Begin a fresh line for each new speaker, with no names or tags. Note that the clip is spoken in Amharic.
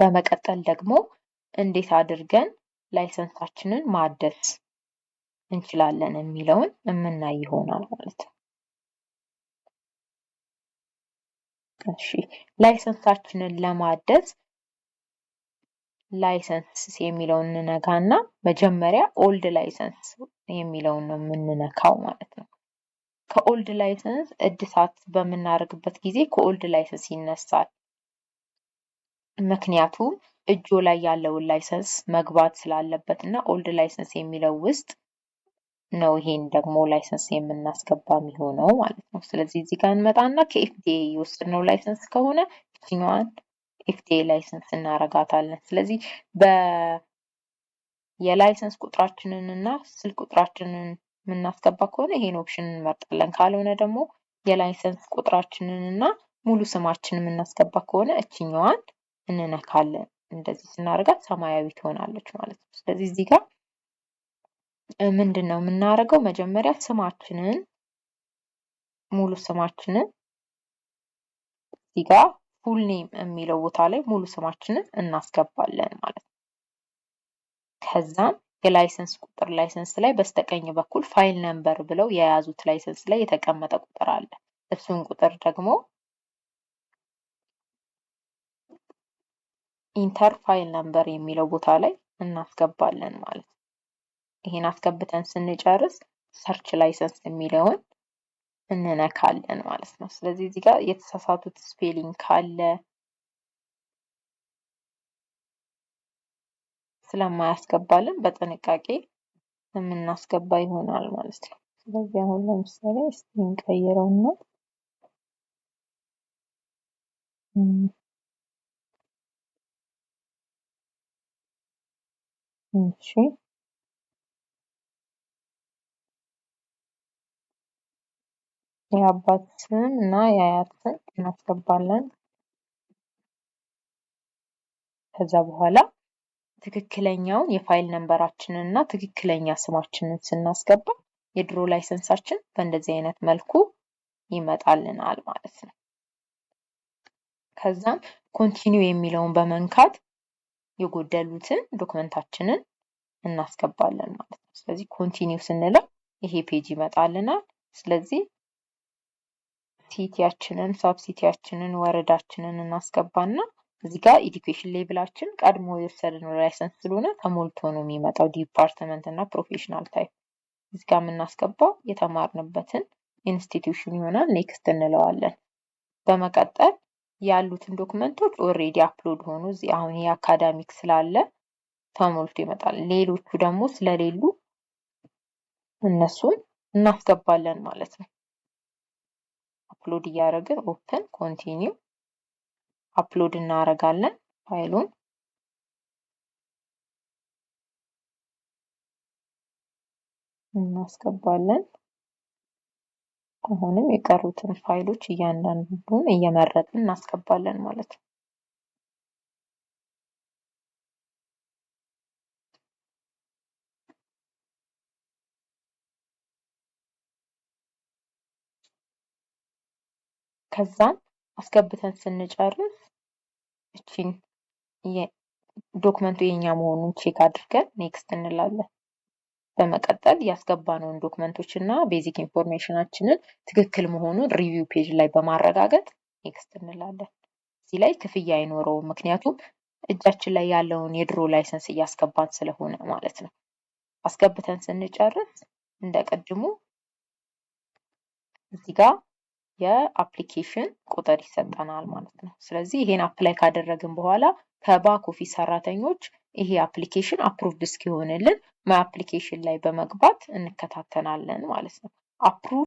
በመቀጠል ደግሞ እንዴት አድርገን ላይሰንሳችንን ማደስ እንችላለን የሚለውን የምናይ ይሆናል ማለት ነው። እሺ ላይሰንሳችንን ለማደስ ላይሰንስ የሚለውን እና መጀመሪያ ኦልድ ላይሰንስ የሚለውን ነው የምንነካው ማለት ነው። ከኦልድ ላይሰንስ እድሳት በምናደርግበት ጊዜ ከኦልድ ላይሰንስ ይነሳል። ምክንያቱም እጆ ላይ ያለውን ላይሰንስ መግባት ስላለበት እና ኦልድ ላይሰንስ የሚለው ውስጥ ነው ይሄን ደግሞ ላይሰንስ የምናስገባ የሚሆነው ማለት ነው። ስለዚህ እዚህ ጋር እንመጣና ከኤፍዲኤ የወሰድነው ላይሰንስ ከሆነ ይችኛዋን ኤፍዲኤ ላይሰንስ እናረጋታለን። ስለዚህ የላይሰንስ ቁጥራችንን እና ስልክ ቁጥራችንን የምናስገባ ከሆነ ይሄን ኦፕሽን እንመርጣለን። ካልሆነ ደግሞ የላይሰንስ ቁጥራችንን እና ሙሉ ስማችን የምናስገባ ከሆነ እችኛዋን እንነካለን። እንደዚህ ስናደርጋት ሰማያዊ ትሆናለች ማለት ነው። ስለዚህ እዚህ ጋር ምንድን ነው የምናደርገው? መጀመሪያ ስማችንን ሙሉ ስማችንን እዚህ ጋር ፉል ኔም የሚለው ቦታ ላይ ሙሉ ስማችንን እናስገባለን ማለት ነው። ከዛም የላይሰንስ ቁጥር ላይሰንስ ላይ በስተቀኝ በኩል ፋይል ነምበር ብለው የያዙት ላይሰንስ ላይ የተቀመጠ ቁጥር አለ። እሱን ቁጥር ደግሞ ኢንተር ፋይል ነምበር የሚለው ቦታ ላይ እናስገባለን ማለት ነው። ይሄን አስገብተን ስንጨርስ ሰርች ላይሰንስ የሚለውን እንነካለን ማለት ነው። ስለዚህ እዚህ ጋር የተሳሳቱት ስፔሊንግ ካለ ስለማያስገባልን በጥንቃቄ የምናስገባ ይሆናል ማለት ነው። ስለዚህ አሁን ለምሳሌ እስቲ እንቀይረውና እሺ የአባትህን እና የአያትህን እናስገባለን። ከዛ በኋላ ትክክለኛውን የፋይል ነንበራችንን እና ትክክለኛ ስማችንን ስናስገባ የድሮ ላይሰንሳችን በእንደዚህ አይነት መልኩ ይመጣልናል ማለት ነው። ከዛም ኮንቲኒው የሚለውን በመንካት የጎደሉትን ዶክመንታችንን እናስገባለን ማለት ነው። ስለዚህ ኮንቲኒው ስንለው ይሄ ፔጅ ይመጣልናል። ስለዚህ ሲቲያችንን ሳብሲቲያችንን ወረዳችንን እናስገባና እዚህ ጋር ኢዱኬሽን ሌብላችን ቀድሞ የወሰድነው ላይሰንስ ስለሆነ ተሞልቶ ነው የሚመጣው። ዲፓርትመንት እና ፕሮፌሽናል ታይፕ እዚህ ጋር የምናስገባው የተማርንበትን ኢንስቲትዩሽን ይሆናል። ኔክስት እንለዋለን። በመቀጠል ያሉትን ዶክመንቶች ኦሬዲ አፕሎድ ሆኑ አሁን የአካዳሚክ ስላለ ተሞልቶ ይመጣል። ሌሎቹ ደግሞ ስለሌሉ እነሱን እናስገባለን ማለት ነው። አፕሎድ እያደረግን ኦፕን ኮንቲኒው አፕሎድ እናደርጋለን ፋይሉን እናስገባለን። አሁንም የቀሩትን ፋይሎች እያንዳንዱን እየመረጥን እናስገባለን ማለት ነው። ከዛን አስገብተን ስንጨርስ እቺን ዶክመንቱ የኛ መሆኑን ቼክ አድርገን ኔክስት እንላለን። በመቀጠል ያስገባነውን ዶክመንቶች እና ቤዚክ ኢንፎርሜሽናችንን ትክክል መሆኑን ሪቪው ፔጅ ላይ በማረጋገጥ ኔክስት እንላለን። እዚህ ላይ ክፍያ አይኖረውም፣ ምክንያቱም እጃችን ላይ ያለውን የድሮ ላይሰንስ እያስገባን ስለሆነ ማለት ነው። አስገብተን ስንጨርስ እንደ ቀድሙ እዚህ ጋር የአፕሊኬሽን ቁጥር ይሰጠናል ማለት ነው። ስለዚህ ይሄን አፕላይ ካደረግን በኋላ ከባክ ኦፊስ ሰራተኞች ይሄ አፕሊኬሽን አፕሩቭድ እስኪሆንልን ማይ አፕሊኬሽን ላይ በመግባት እንከታተናለን ማለት ነው። አፕሩቭ